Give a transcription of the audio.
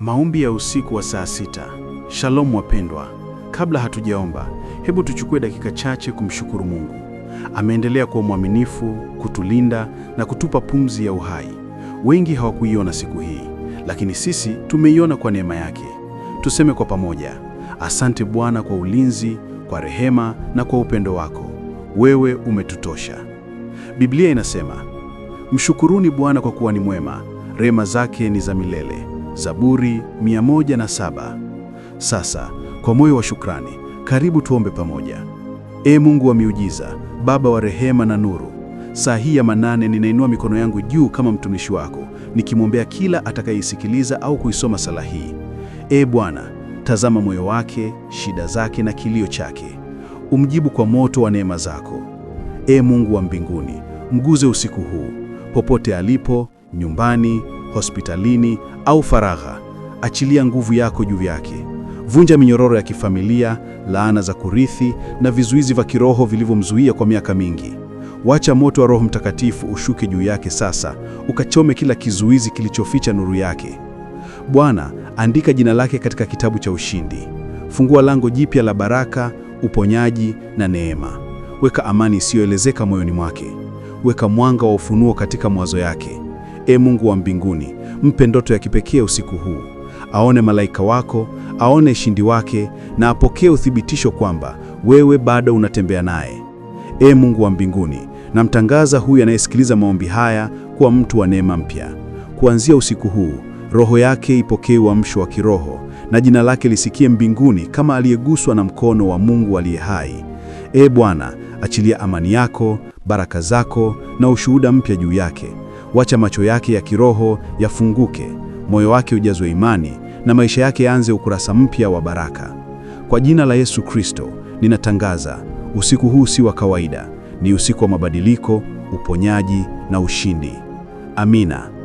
Maombi ya usiku wa saa sita. Shalom wapendwa, kabla hatujaomba, hebu tuchukue dakika chache kumshukuru Mungu. Ameendelea kuwa mwaminifu, kutulinda na kutupa pumzi ya uhai. Wengi hawakuiona siku hii, lakini sisi tumeiona kwa neema yake. Tuseme kwa pamoja, asante Bwana kwa ulinzi, kwa rehema na kwa upendo wako. Wewe umetutosha. Biblia inasema, mshukuruni Bwana kwa kuwa ni mwema, rehema zake ni za milele. Zaburi 107. Sasa kwa moyo wa shukrani, karibu tuombe pamoja. E Mungu wa miujiza, Baba wa rehema na nuru, saa hii ya manane ninainua mikono yangu juu kama mtumishi wako, nikimwombea kila atakayeisikiliza au kuisoma sala hii. E Bwana, tazama moyo wake, shida zake na kilio chake, umjibu kwa moto wa neema zako. E Mungu wa mbinguni, mguze usiku huu popote alipo, nyumbani hospitalini au faragha. Achilia nguvu yako juu yake. Vunja minyororo ya kifamilia, laana za kurithi na vizuizi vya kiroho vilivyomzuia kwa miaka mingi. Wacha moto wa Roho Mtakatifu ushuke juu yake sasa, ukachome kila kizuizi kilichoficha nuru yake. Bwana, andika jina lake katika kitabu cha ushindi. Fungua lango jipya la baraka, uponyaji na neema. Weka amani isiyoelezeka moyoni mwake. Weka mwanga wa ufunuo katika mawazo yake. E Mungu wa mbinguni, mpe ndoto ya kipekee usiku huu. Aone malaika wako, aone shindi wake, na apokee uthibitisho kwamba wewe bado unatembea naye. E Mungu wa mbinguni, namtangaza huyu anayesikiliza maombi haya kuwa mtu wa neema mpya. Kuanzia usiku huu, roho yake ipokee uamsho wa kiroho na jina lake lisikie mbinguni kama aliyeguswa na mkono wa Mungu aliye hai. E Bwana, achilia amani yako, baraka zako na ushuhuda mpya juu yake. Wacha macho yake ya kiroho yafunguke, moyo wake ujazwe imani na maisha yake yaanze ukurasa mpya wa baraka. Kwa jina la Yesu Kristo ninatangaza, usiku huu si wa kawaida, ni usiku wa mabadiliko, uponyaji na ushindi. Amina.